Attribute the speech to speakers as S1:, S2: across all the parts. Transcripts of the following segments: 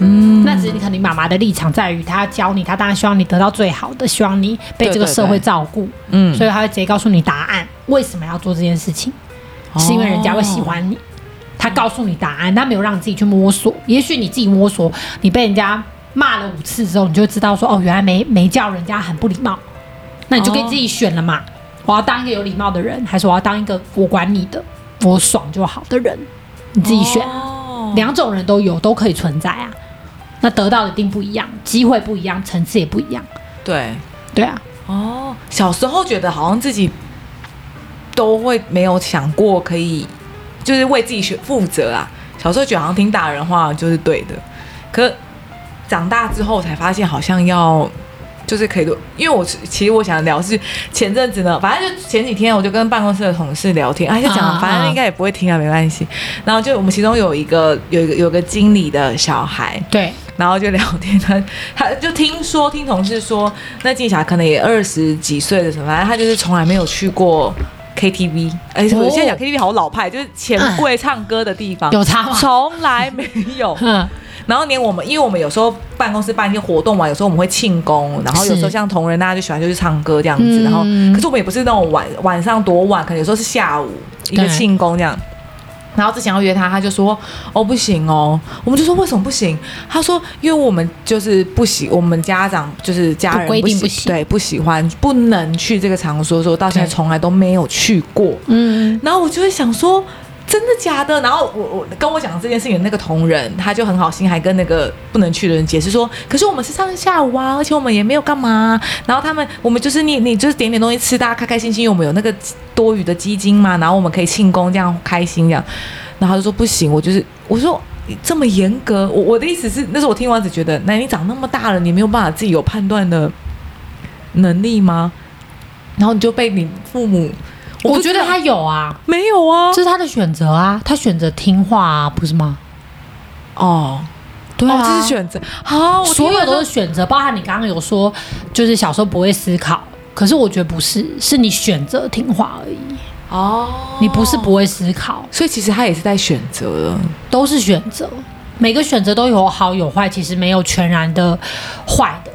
S1: 嗯，那只是你肯定媽媽的立場在於，她要教你，她當然希望你得到最好的，希望你被這個社會照顧，嗯，所以她會直接告訴你答案，為什麼要做這件事情，哦、是因為人家會喜歡你，她告訴你答案，她沒有讓你自己去摸索，也許你自己摸索，你被人家罵了五次之後，你就知道說，哦，原來沒沒叫人家很不禮貌，那你就可以自己選了嘛，哦、我要當一個有禮貌的人，還是我要當一個我管你的，我爽就好的人，你自己選，哦、兩種人都有，都可以存在啊。那得到的一定不一樣，機會不一樣，層次也不一樣。
S2: 對，
S1: 對啊。哦，
S2: 小時候覺得好像自己都會沒有想過可以，就是為自己負責啊。小時候覺得好像聽大人話就是對的，可長大之後才發現好像要就是可以，因為我其實我想聊是前陣子呢，反正就前幾天我就跟辦公室的同事聊天，哎、啊，就講反正應該也不會聽啊，沒關係。然後就我們其中有一個有一個有一個經理的小孩，對。然後就聊天，他他就聽說聽同事說，那靜霞可能也二十幾歲的時候，反正他就是從來沒有去過 K T V，哦、哎，我現在講 K T V 好老派，就是錢櫃唱歌的地方，有她嗎？從來沒有、嗯。然後連我們，因為我們有時候辦公室辦一些活動嘛，有時候我們會慶功，然後有時候像同仁大、啊、家就喜歡就去唱歌這樣子，嗯、然後可是我們也不是那種晚晚上多晚，可能有時候是下午一個慶功這樣。然後之前要約他，他就說：“哦，不行哦。”我們就說：“為什麼不行？”他說：“因為我們就是不喜，我們家長就是家人不喜不規定不行，對，不喜歡，不能去這個場所，說到現在從來都沒有去過。”嗯，然後我就會想說。真的假的？然後我我跟我講這件事情那個同仁，他就很好心，還跟那個不能去的人解釋說，可是我們是上下午啊，而且我們也沒有幹嘛。然後他們我們就是你你就是點點東西吃，大家開開心心。因為我們有那個多餘的基金嘛，然後我們可以慶功這樣開心這樣。然後他就說不行，我就是我就說這麼嚴格，我我的意思是，那時候我聽完只覺得，那你長那麼大了，你沒有辦法自己有判斷的能力嗎？然後你就被你父母。我，我覺得他有
S1: 啊，沒有啊，這是他的選擇啊，他選擇聽話啊，不是嗎？哦，對啊，哦、這是選擇啊，所有都是選擇，包括你剛剛有說，就是小時候不會思考，可是我覺得不是，是你選擇聽話而已。哦，你不是不會思考，
S2: 所以其實他也是在選擇的、嗯，
S1: 都是選擇，每個選擇都有好有壞，其實沒有全然的壞的，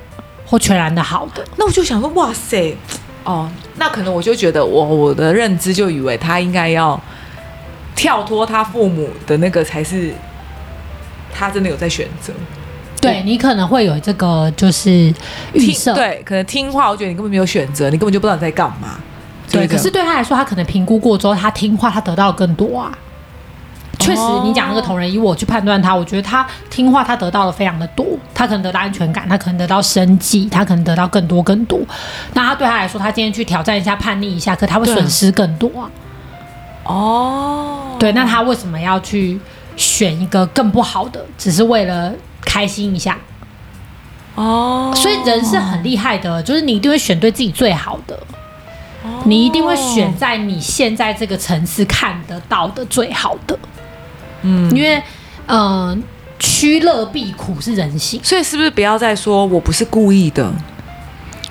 S1: 或全然的好的。那我就想說，哇塞。
S2: 哦，那可能我就覺得，我我的認知就以為他應該要跳脫他父母的那個，才是他真的有在選擇。對，
S1: 對你可能會有這個就是預設，聽對，
S2: 可能聽話，我覺得你根本沒有選擇，你根本就不知道你在幹嘛。
S1: 對，可是對他來說，他可能評估過之後，他聽話，他得到更多啊。確實，你講那個同仁以我去判斷他，我覺得他聽話，他得到了非常的多，他可能得到安全感，他可能得到生計，他可能得到更多更多。那他對他來說，他今天去挑戰一下，叛逆一下，可他會損失更多。哦，對，那他為什麼要去選一個更不好的，只是為了開心一下？哦，所以人是很厲害的，就是你一定會選對自己最好的，哦、你一定會選在你現在這個層次看得到的最好的。嗯，因為，呃，趨樂避苦是人性，所以是不是不要再說我
S2: 不是故意的，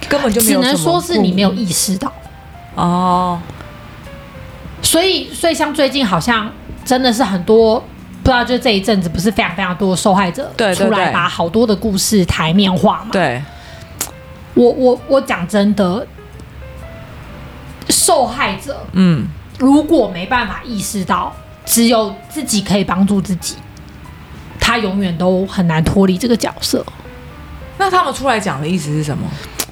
S2: 根
S1: 本就沒有意，只能說是你沒有意識到哦。所以，所以像最近好像真的是很多，不知道就這一陣子，不是非常非常多的受害者出來對對對把好多的故事台面化嘛？對。我我我講真的，受害者，嗯，如果沒辦法意識到。嗯只有自己可以幫助自己，他永遠都很難脫離這個角色。那他們出來講的意思是什麼？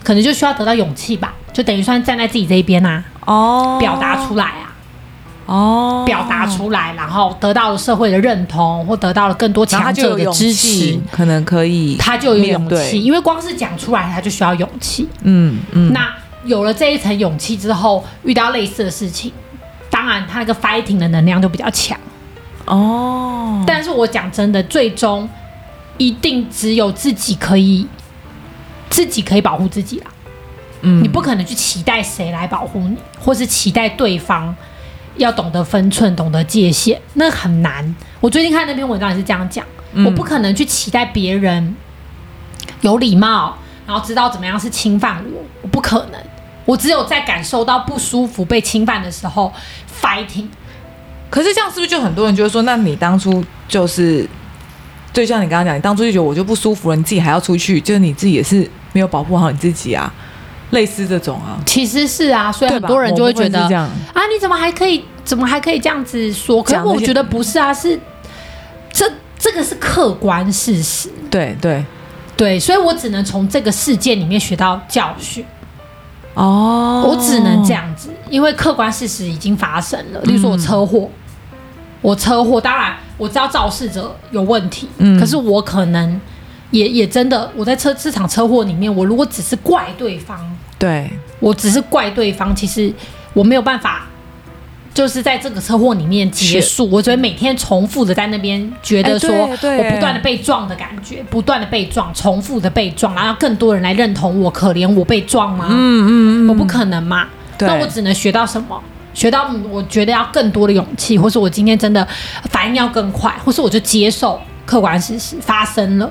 S1: 可能就需要得到勇氣吧，就等於算站在自己這一邊啊。哦、oh.，表達出來啊，哦、oh.，表達出來，然後得到了社會的認同，或得到了更多強者的支持，
S2: 可能可以。他就有勇氣，
S1: 因為光是講出來，他就需要勇氣。嗯嗯，那有了這一層勇氣之後，遇到類似的事情。當然，他那個 fighting 的能量就比較強哦。但是我講真的，最終一定只有自己可以，自己可以保護自己啦。嗯，你不可能去期待誰來保護你，或是期待對方要懂得分寸、懂得界限，那很難。我最近看那篇文章也是這樣講，嗯，我不可能去期待別人有禮貌，然後知道怎麼樣是侵犯我，我不可能。我只有在感受到不舒服、被侵犯的時候 fighting。可是這樣是不是就很多人就會說：那你當初
S2: 就是，就像你剛剛講，你當初就覺得我就不舒服了，你自己還要出去，就是你自己也是沒有保護好你自己啊？類似這種啊，
S1: 其實是啊，所以很多人就會覺得：啊，你怎麼還可以，怎麼還可以這樣子說？可是我覺得不是啊，是這這個是客觀事實。對對對，所以我只能從這個事件裡面學到教訓。哦、oh，我只能這樣子，因為客觀事實已經發生了。例如說我車禍、嗯，我車禍，當然我知道肇事者有問題、嗯，可是我可能也也真的，我在車這場車禍裡面，我如果只是怪對方，對，我只是怪對方，其實我沒有辦法。就是在這個車禍裡面結束，我只會每天重複的在那邊，覺得說我不斷的被撞的感覺，哎、不斷的被撞，重複的被撞，然後讓更多人來認同我，可憐我被撞嗎？嗯嗯嗯，我不可能嘛。那我只能學到什麼？學到我覺得要更多的勇氣，或是我今天真的反應要更快，或是我就接受客觀事實發生了。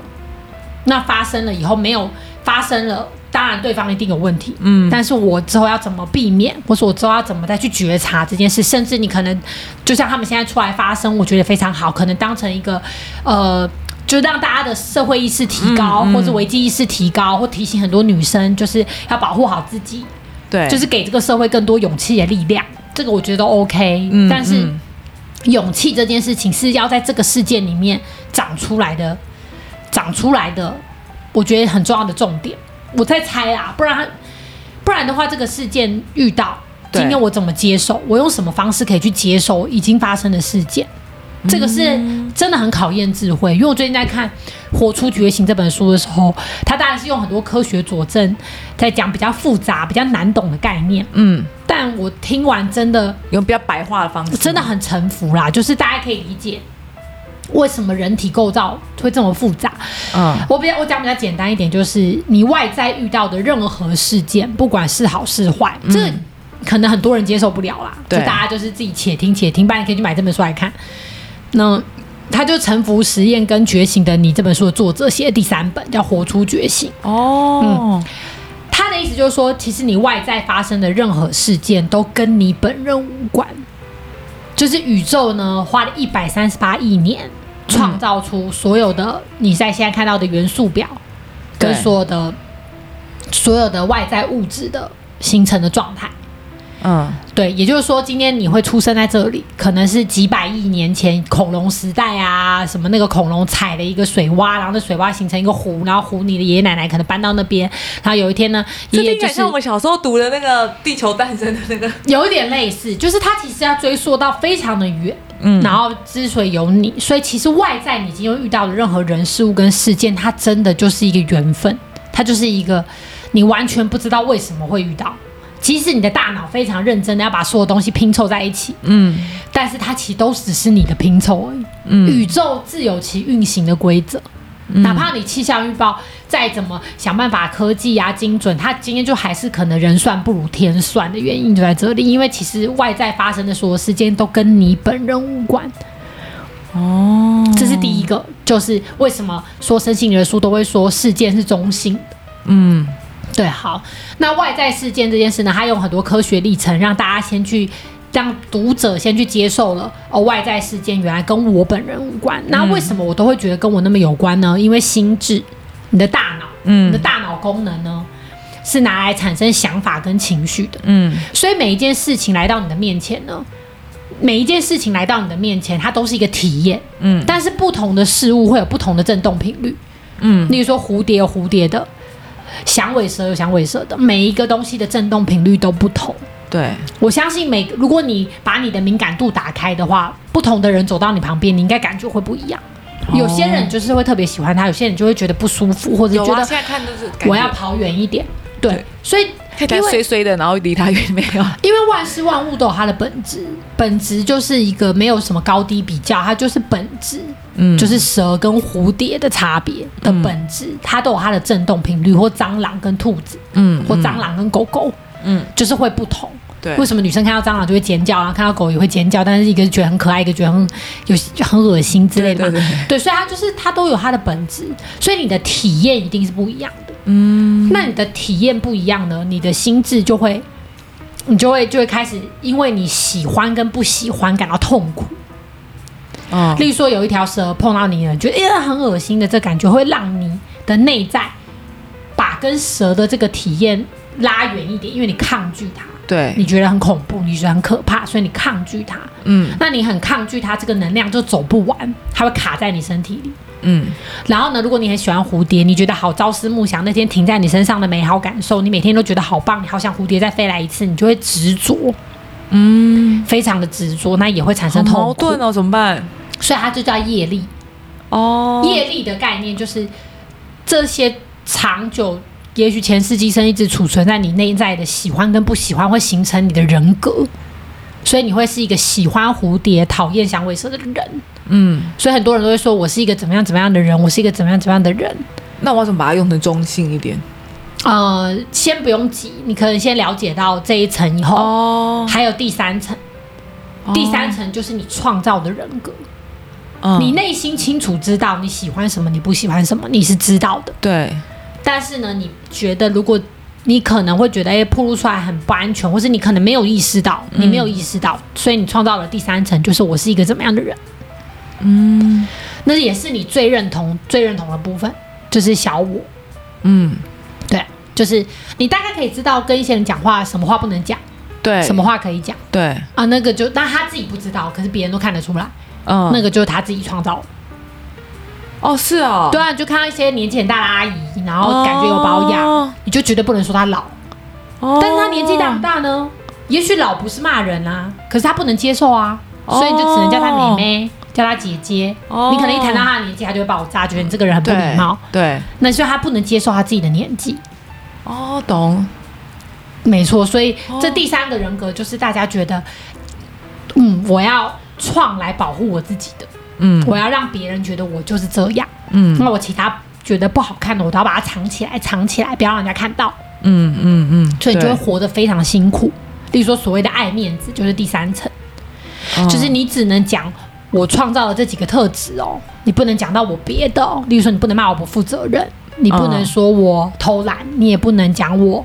S1: 那發生了以後，沒有發生了。當然，對方一定有問題。嗯，但是我之後要怎麼避免？或是我之後要怎麼再去覺察這件事？甚至你可能就像他們現在出來發聲，我覺得非常好，可能當成一個呃，就讓大家的社會意識提高，嗯嗯、或者危機意識提高，或提醒很多女生就是要保護好自己。對，就是給這個社會更多勇氣的力量。這個我覺得都 OK、嗯。但是、嗯、勇氣這件事情是要在這個世界裡面長出來的，長出來的，我覺得很重要的重點。我在猜啊，不然不然的話，這個事件遇到今天我怎麼接受？我用什麼方式可以去接受已經發生的事件？這個是真的很考驗智慧。因為我最近在看《活出覺醒》這本書的時候，他當然是用很多科學佐證，在講比較複雜、比較難懂的概念。嗯，但我聽完真的有比較白話的方式，我真的很臣服啦，就是大家可以理解。為什麼人體構造會這麼複雜？嗯，我比較我講比較簡單一點，就是你外在遇到的任何事件，不管是好是壞，嗯，這可能很多人接受不了啦。就大家就是自己且聽且聽，但你可以去買這本書來看。那他就《臣服實驗》跟《覺醒的你》這本書的作者寫的第三本叫《活出覺醒》哦。嗯，他的意思就是說，其實你外在發生的任何事件都跟你本人無關。就是宇宙呢，花了一百三十八億年。創造出所有的你在現在看到的元素表，跟所有的所有的外在物質的形成的狀態。嗯，對，也就是說，今天你會出生在這裡，可能是幾百億年前恐龍時代啊，什麼那個恐龍踩了一個水洼，然後那水洼形成一個湖，然後湖你的爺爺奶奶可能搬到那邊，然後有一天呢，有點、就是、像我們小時候讀的那個《地球誕生》的那個，有一點類似，就是它其實要追溯到非常的遠，嗯，然後之所以有你，所以其實外在你已經遇到的任何人事物跟事件，它真的就是一個緣分，它就是一個你完全不知道為什麼會遇到。即使你的大腦非常認真的要把所有東西拼湊在一起，嗯，但是它其實都只是你的拼湊而已。嗯，宇宙自有其運行的規則，嗯、哪怕你氣象預報再怎麼想辦法科技呀、啊、精準，它今天就還是可能人算不如天算的原因就在這裡。因為其實外在發生的所有事件都跟你本人無關。哦，這是第一個，就是為什麼說身心靈的書都會說事件是中性。嗯。對，好，那外在事件這件事呢，它有很多科學歷程，讓大家先去，讓讀者先去接受了。哦，外在事件原來跟我本人無關、嗯，那為什麼我都會覺得跟我那麼有關呢？因為心智，你的大腦，嗯，你的大腦功能呢，是拿來產生想法跟情緒的，嗯，所以每一件事情來到你的面前呢，每一件事情來到你的面前，它都是一個體驗，嗯，但是不同的事物會有不同的震動頻率，嗯，例如說蝴蝶，蝴蝶的。響尾蛇有響尾蛇的，每一個東西的震動頻率都不同。對，我相信每，如果你把你的敏感度打開的話，不同的人走到你旁邊，你應該感覺會不一樣、哦。有些人就是會特別喜歡它，有些人就會覺得不舒服，或者覺得、啊、現在看都是感覺我要跑遠一點。對。對，所以。太為衰衰的，然後離他遠沒有因。因為萬事萬物都有它的本質，本質就是一個沒有什麼高低比較，它就是本質。嗯，就是蛇跟蝴蝶的差別的本質，嗯，它都有它的震動頻率，或蟑螂跟兔子，嗯，或蟑螂跟狗狗，嗯，嗯，就是會不同。對，為什麼女生看到蟑螂就會尖叫，然後看到狗也會尖叫，但是一個覺得很可愛，一個覺得很有很噁心之類的。對，對，對，對，所以它就是它都有它的本質，所以你的體驗一定是不一樣。嗯，那你的體驗不一樣呢，你的心智就會，你就會就會開始，因為你喜歡跟不喜歡感到痛苦。嗯。例如說有一條蛇碰到你了，你覺得哎很惡心的這感覺，會讓你的內在把跟蛇的這個體驗拉遠一點，因為你抗拒它，對你覺得很恐怖，你覺得很可怕，所以你抗拒它。嗯，那你很抗拒它，這個能量就走不完，它會卡在你身體裡。嗯，然後呢，如果你很喜歡蝴蝶，你覺得好朝思暮想，那天停在你身上的美好感受，你每天都覺得好棒，你好想蝴蝶再飛來一次，你就會執着，嗯，非常的執着，那也會產生痛苦矛盾了，哦，怎麼辦？所以它就叫業力哦。業力的概念就是這些長久，也許前世今生一直儲存在你內在的喜歡跟不喜歡，會形成你的人格，所以你會是一個喜歡蝴蝶、討厭響尾蛇的人。嗯，所以很多人都會說我是一個怎麼樣怎麼樣的人，我是一個怎麼樣怎麼樣的人。那我要怎麼把它用得中性一點？呃，先不用急，你可能先了解到這一層以後，哦、還有第三層、哦。第三層就是你創造的人格、嗯。你內心清楚知道你喜歡什麼，你不喜歡什麼，你是知道的。對。但是呢，你覺得如果你可能會覺得，哎、欸，暴露出來很不安全，或是你可能沒有意識到，你沒有意識到，嗯、所以你創造了第三層，就是我是一個怎麼樣的人。嗯，那也是你最認同、最認同的部分，就是小我。嗯，對，就是你大概可以知道，跟一些人講話，什麼話不能講，對，什麼話可以講，對啊，那個就那他自己不知道，可是別人都看得出來。
S2: 嗯，那
S1: 個就是他自己創造。哦，是哦。對啊，就看到一些年紀很大的阿姨，然後感覺有保養，哦，你就絕對不能說她老。哦，但是她年紀大不大呢，也許老不是罵人啊，可是她不能接受啊，
S2: 哦，所以你就只能叫她妹妹。
S1: 叫他姐姐，oh, 你可能一談到他的年紀，他就會爆炸，覺得你這個人很不禮貌，對。對，那所以他不能接受他自己的年紀。哦，懂，沒錯。所以這第三個人格就是大家覺得，oh. 嗯，我要創來保護我自己的，嗯，我要讓別人覺得我就是這樣，嗯，那我其他覺得不好看的，我都要把它藏起來，藏起來，不要讓人家看到。嗯嗯嗯。所以你就會活得非常辛苦。例如說，所謂的愛面子就是第三層，oh. 就是你只能講。我創造了這幾個特質哦，你不能講到我別的哦，例如說你不能罵我不負責任，你不能說我偷懶，你也不能講我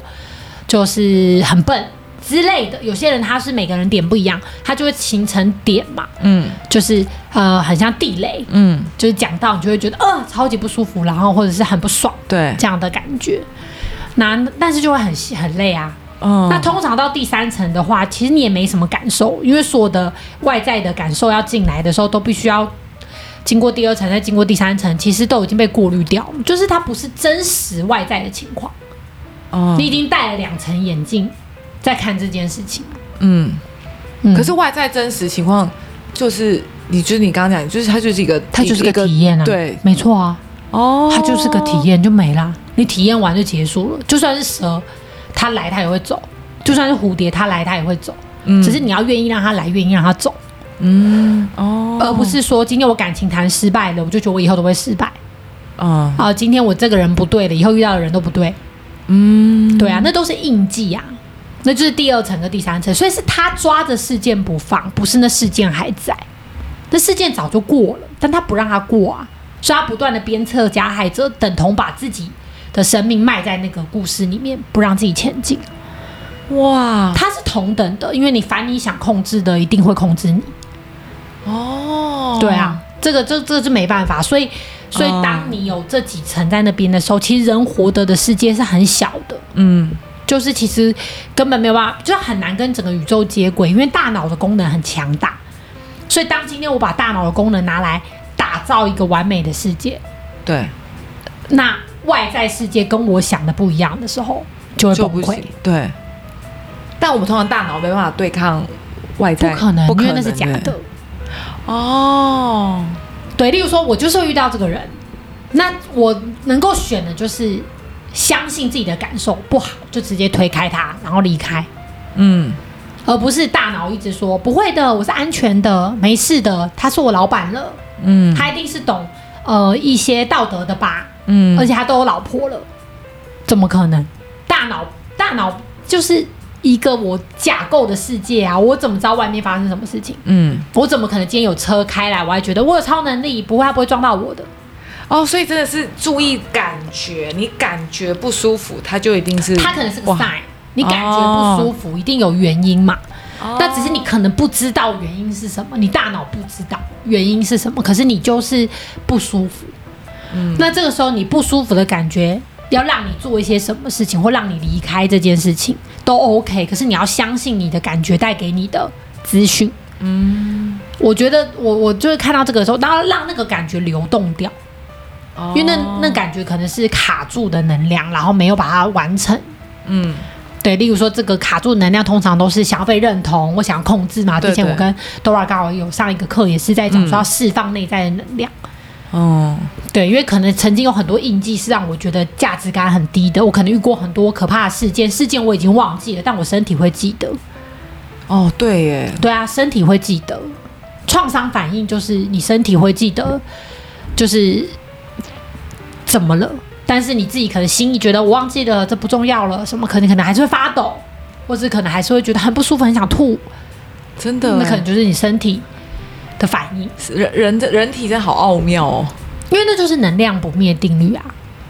S1: 就是很笨之類的。有些人他是每個人點不一樣，他就會形成點嘛，嗯，就是呃，很像地雷，嗯，就是講到你就會覺得呃超級不舒服，然後或者是很不爽，對，這樣的感覺，那但是就會很很累啊。嗯、那通常到第三層的話，其實你也沒什麼感受，因為所有的外在的感受要進來的時候，都必須要經過第二層，再經過第三層，其實都已經被過濾掉了，就是它不是真實外在的情況。哦、嗯，你已經戴了兩層眼鏡在看這件事情。
S2: 嗯，嗯，可是外在真實情況就是，你就是你剛剛講，就是它就是一個，它就是一個，一個體驗啊。對，沒錯
S1: 啊。哦，它就是個體驗就沒了，你體驗完就結束了，就算是蛇，他來，他也會走；就算是蝴蝶，他來，他也會走。嗯，只是你要願意讓他來，願意讓他走。嗯哦，而不是說今天我感情談失敗了，我就覺得我以後都會失敗。啊、哦，哦，今天我這個人不對了，以後遇到的人都不對。嗯，對啊，那都是印記啊，那就是第二層和第三層。所以是他抓着事件不放，不是那事件還在，那事件早就過了，但他不讓他過啊，所以他不斷的鞭策加害，就等同把自己，的生命埋在那個故事裡面，不讓自己前進。哇，它是同等的，因為你凡你想控制的，一定會控制你。哦，對啊，這個這這個就沒辦法。所以，所以當你有這幾層在那邊的時候，哦，其實人活得的世界是很小的。嗯，就是其實根本沒有辦法，就很難跟整個宇宙接軌，因為大腦的功能很強大。所以，當今天我把大腦的功能拿來打造一個完美的世界，對，那。外在世界跟我想的不一樣的時候，就會崩潰，就不會，對，但我們通常大腦沒辦法對抗
S2: 外在，不可能，不可能，因為那是假的。
S1: 哦，對，例如說，我就是會遇到這個人，那我能夠選的就是相信自己的感受不好，就直接推開他，然後離開。嗯，而不是大腦一直說不會的，我是安全的，沒事的。他是我老板了，嗯，他一定是懂呃一些道德的吧？嗯，而且他都有老婆了、嗯，怎麼可能？大腦，大腦就是一個我架構的世界啊！我怎麼知道外面發生什麼事情？嗯，我怎麼可能今天有車開來，我還覺得我有超能力，不會他不會撞到我的？哦，所以真的是注意感覺，你感覺不舒服，他就一定是他可能是個 sign，你感覺不舒服，哦、一定有原因嘛？那、哦、只是你可能不知道原因是什麼，你大腦不知道原因是什麼，可是你就是不舒服。嗯、那這個時候你不舒服的感覺，要讓你做一些什麼事情，或讓你離開這件事情都 OK。可是你要相信你的感覺帶給你的資訊。嗯，我覺得我我就是看到這個時候，然後讓那個感覺流動掉。
S2: 哦、因為那那
S1: 感覺可能是卡住的能量，然後沒有把它完成。嗯。對，例如說這個卡住的能量，通常都是想要被認同，我想要控制嘛。之前我跟 Dora 剛好有上一個課，也是在講說要釋放內在的能量。嗯、哦。對，因為可能曾經有很多印記是讓我覺得價值感很低的。我可能遇過很多可怕的事件，事件我已經忘記了，但我身體會記得。哦，對耶。對啊，身體會記得。創傷反應就是你身體會記得，就是怎麼了。但是你自己可能心裡覺得我忘記了，這不重要了。什麼可能可能還是會發抖，或是可能還是會覺得很不舒服，很想吐。真的，那可能就是你身體的反應。人人的人體真的好奧妙哦。因為那就是能量不滅定律啊，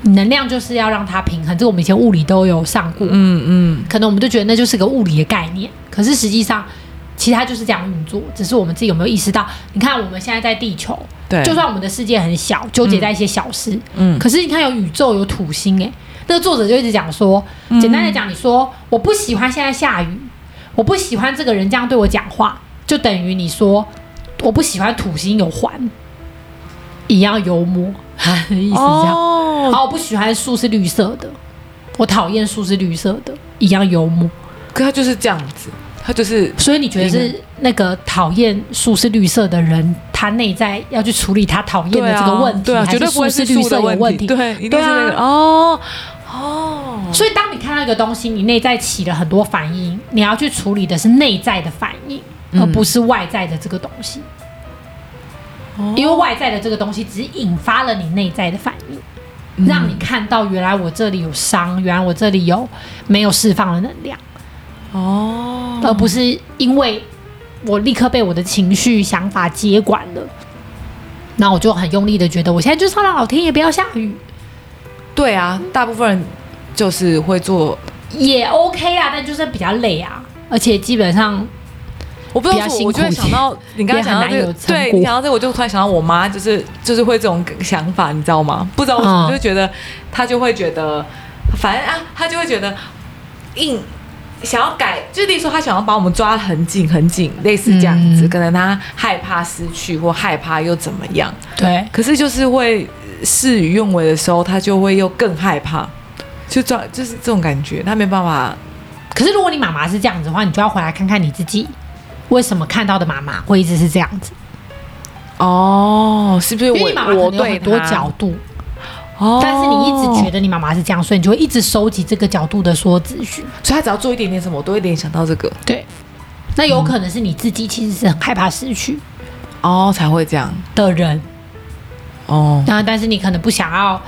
S1: 能量就是要讓它平衡。這我們以前物理都有上過，嗯嗯，可能我們就覺得那就是個物理的概念。可是實際上，其他就是這樣運作，只是我們自己有沒有意識到？你看我們現在在地球，對，就算我們的世界很小，糾結在一些小事，嗯。可是你看，有宇宙，有土星，誒，那個作者就一直講說，簡單的講，你說我不喜歡現在下雨，嗯，我不喜歡這個人這樣對我講話，就等於你說我不喜歡土星有環。一樣幽默，啊，意思這樣。哦，好，哦，我不喜歡樹是綠色的，我討厭樹是綠色的，一樣幽默。可他就是這樣子，他就是。所以你覺得是那個討厭樹是綠色的人，他內在要去處理他討厭的這個問題？對，啊，我覺得不是綠色有問題，對，一定是，那個啊，哦哦。所以當你看到一個東西，你內在起了很多反應，你要去處理的是內在的反應，而不是外在的這個東西。因為外在的這個東西只引發了你內在的反應，嗯，讓你看到原來我這裡有傷，原來我這裡有沒有釋放的能量，哦，而不是因為我立刻被我的情緒想法接管了，那我就很用力地覺得我現在就唱的好聽，也不要下雨。對啊，大部分人就
S2: 是會做，
S1: 也 OK 啊，但就是比較累啊，而且基本上。我不知道，我就想到你剛剛講這，對，你講到這個，
S2: 到這個我就突然想到我媽，就是就是會這種想法，你知道嗎？不知道為什麼，就覺得她、哦、就會覺得，反正啊，她就會覺得硬想要改，就是，例如說，她想要把我們抓很緊很緊，類似這樣子，嗯，可能她害怕失去或害怕又怎麼樣？對。可是就是會事與願違的時候，她就會又更害怕，就抓
S1: 就是這種感覺，她沒辦法。可是如果你媽媽是這樣子的話，你就要回來看看你自己。為什麼看到的媽媽會一直是這樣子？哦、oh,，是不是我？我有很多角度。
S2: 哦，oh. 但是你一直覺得
S1: 你媽媽是這樣，所以你就會一直收集這個角度的說資訊。所以他只要做一點點什麼，我都會聯想到這個。對，那有可能是你自己其實是很害怕失去，哦、oh,，才會這樣的人。哦、oh. 啊，那但是你可能不想要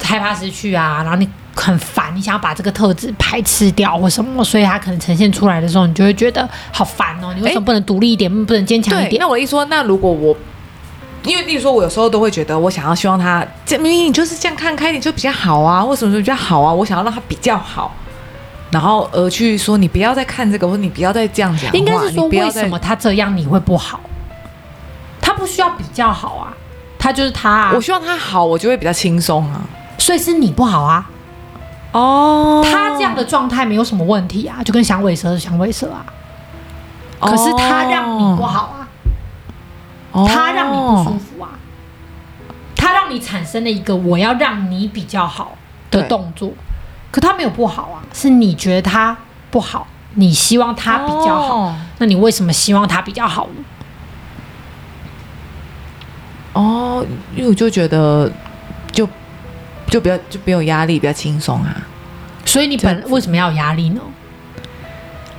S1: 害怕失去啊，然後你。很煩，你想要把這個特質排斥掉或什麼，所以他可能呈現出來的時候，你就會覺得好煩哦、喔。你為什麼不能獨立一點，欸、不能堅強一點？那我一說，那如果我，因為比如說我有時候都會覺
S2: 得，我想要希望他，明明你就是這樣看開你就比較好啊，為什麼就比較好啊，我想要讓他比較好，然後而去說你不要再看這個，或你不要再這樣講。應該是說不要，不為什麼
S1: 他這樣你會不好？他不需要比較好啊，他就是他啊。我希望他好，我就會比較輕鬆啊。所以是你不好啊。哦，他這樣的狀態沒有什麼問題啊，就跟響尾蛇是響尾蛇啊。
S2: Oh, 可是他讓你不好
S1: 啊，他、oh, 讓你不舒服啊，他讓你產生了一個我要讓你比較好的動作，可他沒有不好啊，是你覺得他不好，你希望他比較好，oh. 那你為什麼希望他比較好呢？哦、oh，
S2: 因為我就覺得就。就比較就比較有壓力，比較輕鬆啊。
S1: 所以你本為什麼要有壓力呢？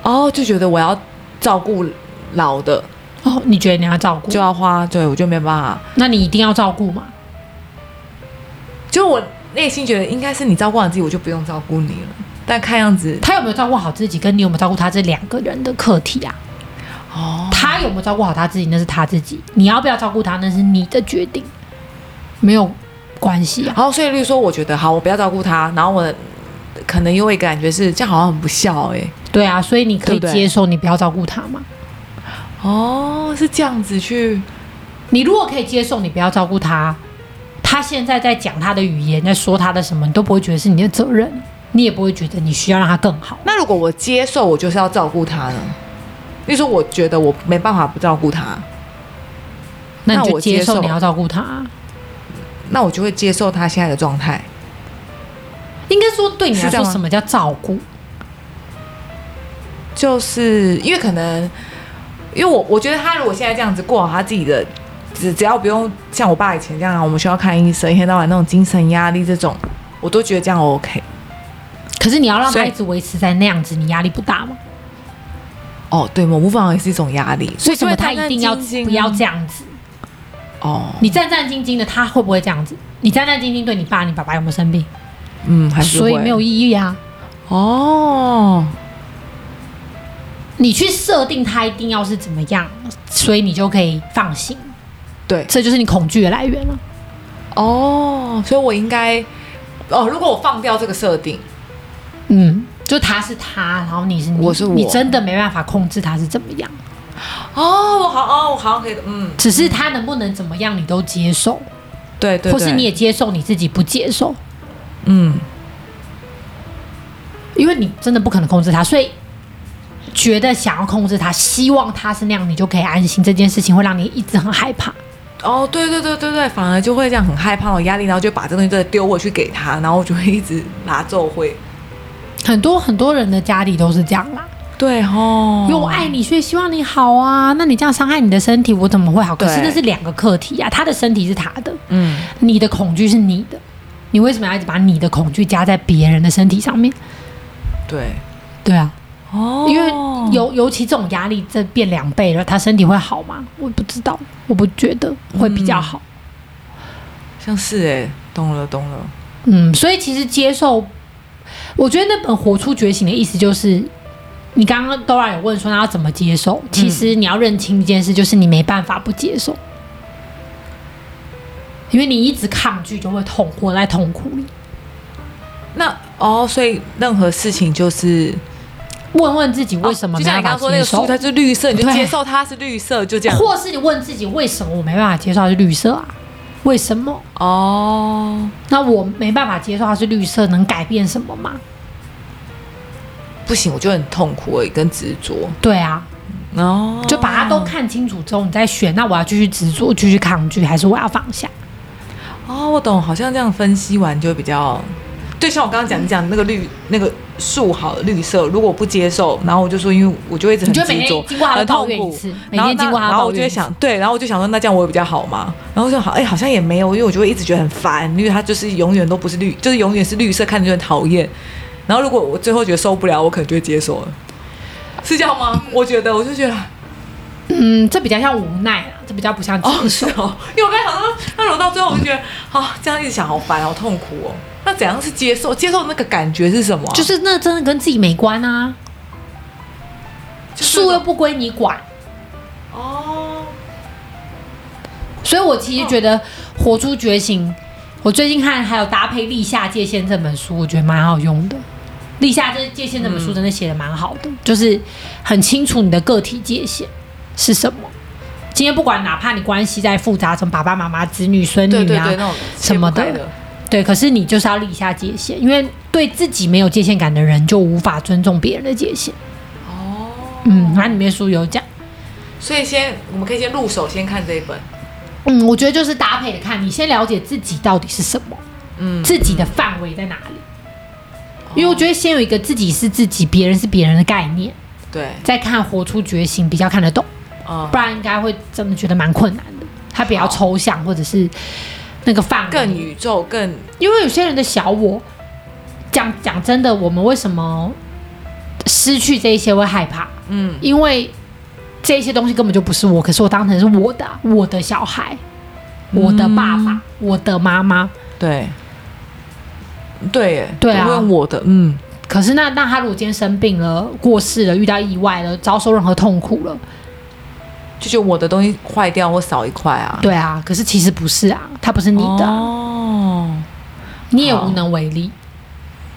S1: 哦，就覺得我要照顧
S2: 老的。哦，你覺得你要照顧就要花，對我就沒辦法。那你一定要照顧嗎？就我內心覺得應該是你照顧好自己，我就不用照顧你
S1: 了。但看樣子，他有沒有照顧好自己，跟你有沒有照顧他，這兩個人的課題啊。哦，他有沒有照顧好他自己，那是他自己。你要不要照顧他，那是你的決定。沒有。關係、啊，然後所以例如說，我覺得好，我不要照顧他。然後我可
S2: 能因為一感覺是這樣，好像很不孝哎、欸。
S1: 對啊，所以你可以接受你不要照顧他嗎對對對？哦，是這樣子去。你如果可以接受你不要照顧他，他現在在講他的語言，在說他的什麼，你都不會覺得是你的責任，你也不會覺得你需要讓他更好。那如果我接受，我就是要照顧他呢？例如說，我覺
S2: 得我沒辦法不照顧他，
S1: 那,那我接受你要照
S2: 顧他。那我就會接受他現在的狀態。
S1: 應該說對你來說，什麼叫照顧？
S2: 是就是因為可能，因為我我覺得他如果現在這樣子過好他自己的，只只要不用像我爸以前這樣，我們需要看醫生，一天到晚那種精神壓力這種，我都覺得這樣 OK。
S1: 可是你要讓他一直維持在那樣子，你壓力不大嗎？
S2: 哦，對嗎，我無妨，也是一種壓力。所以，所以他一定要
S1: 不要這樣子？哦、oh.，你戰戰兢兢的，他會不會這樣子？你戰戰兢兢對你爸，你爸爸有沒有生病？嗯，還是所以沒有意義啊。哦、oh.，你去設定他一定要是怎麼樣，所以你就可以放心。對，這就是你恐懼的來源了。哦、oh,，所以我應該，哦，如果我放掉這個設定，嗯，就他是他，然後你是你，我是我你，真的沒辦法控制他是怎麼樣。哦，我好哦，好可以的，嗯。只是他能不能怎麼樣，你都接受，對，對對，或是你也接受你自己不接受，
S2: 嗯，
S1: 因為你真的不可能控制他，所以覺得想要控制他，希望他是那樣，你就可以安心。這件事情會讓你一直很害怕。
S2: 哦，對對對對對，反而就會這樣很害怕有壓力，然後就把這東西都丟過去給他，然後就會一直拿走會。
S1: 很多很多人的家裡都是這樣啦、啊。對哦，因為我愛你，所以希望你好啊。那你這樣傷害你的身體，我怎麼會好？可是那是兩個課題呀、啊。他的身體是他的，嗯，你的恐懼是你的，你為什麼要一直把你的恐懼加在別人的身體上面？
S2: 對
S1: 對啊，哦，因為尤尤其這種壓力在變兩倍了，他身體會好嗎？我不知道，我不覺得會比較好。嗯、
S2: 像是哎、欸，懂了懂了，
S1: 嗯，所以其實接受，我覺得那本《活出覺醒》的意思就是。你剛剛 Dora 有問說，那要怎麼接受？其實你要認清一件事，就是你沒辦法不接受、嗯，因為你一直抗拒，就會痛，活在痛苦裡。那哦，所以任何事情就是問問自己為什麼、哦？就像你剛剛說，說那個書，它是綠色，你就接受它是綠色，就這樣。或是你問自己為什麼我沒辦法接受它是綠色啊？為什麼？哦，那我沒辦法接受它是綠色，能改變什麼嗎？
S2: 不行，我就很痛苦、欸、跟執着。
S1: 對啊，哦、oh,，就把它都看清楚之後，你再選。那我要繼續執着，繼續抗拒，還是我要放下？
S2: 哦、oh,，我懂，好像這樣分析完就會比較，對，像我剛剛講講那個綠，那個樹好的綠色，如果我不接受、嗯，然後我就說，因為我就一直很執着，很痛苦，然後經過他然後我就會想，對，然後我就想說，那這樣我也比較好嘛。然後就好，哎、欸，好像也沒有，因為我就會一直覺得很煩，因為它就是永遠都不是綠，就是永遠是綠色，看着就很討厭。然後，如果我最後覺得受不了，我可能就會接受了，
S1: 是這樣嗎、呃？我覺得，我就覺得，嗯，這比較像無奈啊，這比較不像就、哦、是哦。因為我剛才想到，那我到最後我就
S2: 覺得，啊、哦，這樣一直想好煩，好痛苦哦。那怎樣是接受？接受那個感覺是什麼、啊？就是
S1: 那真的跟自己沒關啊，數、就是、又不歸你管。哦，所以我其實覺得《活出覺醒》哦，我最近看還有搭配《立下界限》這本書，我覺得蠻好用的。立下這界限，這本書真的寫的蠻好的、嗯，就是很清楚你的個體界限是什麼。今天不管哪怕你關係再複雜，從爸爸媽媽、子女、孫女啊、對對對什麼的，對，可是你就是要立下界限，因為對自己沒有界限感的人，就無法尊重別人的界限。哦，嗯，那裡面書有講，
S2: 所以先我們可以先入手，先看這一本。
S1: 嗯，我覺得就是搭配的看，你先了解自己到底是什麼，嗯，自己的範圍在哪裡。因為我覺得先有一個自己是自己，別人是別人的概念，對，再看活出覺醒比較看得懂，嗯，不然應該會真的覺得蠻困難的。它比較抽象，或者是那個範圍更宇宙更，因為有些人的小我，講講真的，我們為什麼失去這一些會害怕？嗯，因為這些東西根本就不是我，可是我當成是我的，我的小孩，我的爸爸，嗯、我的媽媽，對。對，對啊，用我的，嗯，可是那那他如果今天生病了、過世了、遇到意外了、遭受任何痛苦了，
S2: 就就我的東西壞掉或少一塊啊？對
S1: 啊，可是其實不是啊，他不是你的、啊、哦，你也無
S2: 能為力。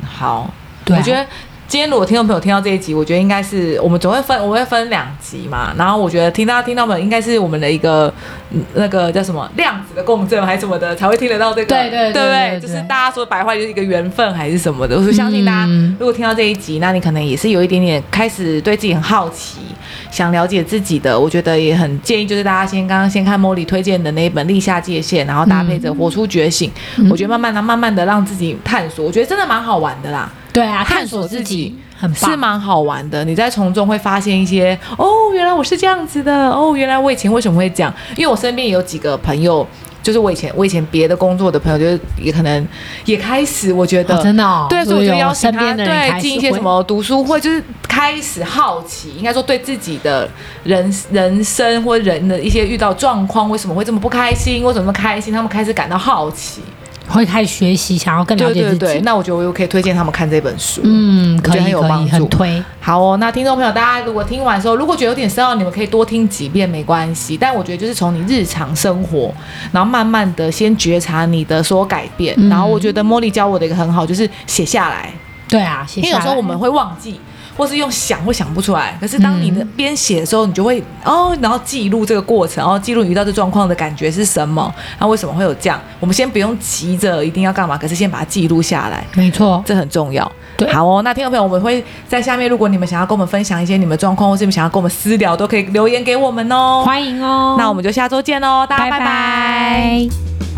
S2: 好，好對啊、我覺得。今天如果聽眾朋友聽到這一集，我覺得應該是我們總會分，我會分兩集嘛。然後我覺得聽到聽到們應該是我們的一個、嗯、那個叫什麼量子的共振還是什麼的才會聽得到這個，對對對，對，對，對，對，對，就是大家說白話就是一個緣分還是什麼的。我就相信大家如果聽到這一集，嗯，那你可能也是有一點點開始對自己很好奇，想了解自己的。我覺得也很建議就是大家先剛剛先看茉莉推薦的那一本《立下界限》，然後搭配着《活出覺醒》，嗯，我覺得慢慢的慢慢的讓自己探索，我覺得真的蠻好玩的啦。對啊，探索自己很棒，探索自己是蠻好玩的。你在從中會發現一些哦，原來我是這樣子的哦，原來我以前為什麼會這樣？因為我身邊也有幾個朋友，就是我以前我以前別的工作的朋友，就是也可能也開始，我覺得、哦、真的、哦，對，所以我就邀請他，身邊對，進一些什麼讀書會，就是開始好奇，應該說對自己的人人生或人的一些遇到狀況，為什麼會這麼不開心，為什麼這麼開心，他們開始感到好奇。會開始學習，想要更了解自己。對，對對對，那我覺得我又可以推薦他們看這本書。嗯，可以，覺得很有幫助，很推。好哦，那聽眾朋友，大家如果聽完之後，如果覺得有點深奧，你們可以多聽幾遍，沒關係。但我覺得就是從你日常生活，然後慢慢的先覺察你的所有改變。嗯，然後我覺得茉莉教我的一個很好，就是寫下來。
S1: 對啊，寫下來，因為有時候我們會
S2: 忘記。嗯嗯。或是用想會想不出來，可是當你的編寫的時候，你就會、嗯、哦，然後記錄這個過程，哦，記錄你遇到這狀況的感覺是什麼，那為什麼會有這樣？我們先不用急着一定要幹嘛，可是先把它記錄下來，沒錯，這很重要。對，好哦，那聽眾朋友，我們會在下面，如果你們想要跟我們分享一些你們狀況，或是你們想要跟我們私聊，都可以留言給我們哦，歡迎哦。那我們就下週見嘍，大家拜拜，拜。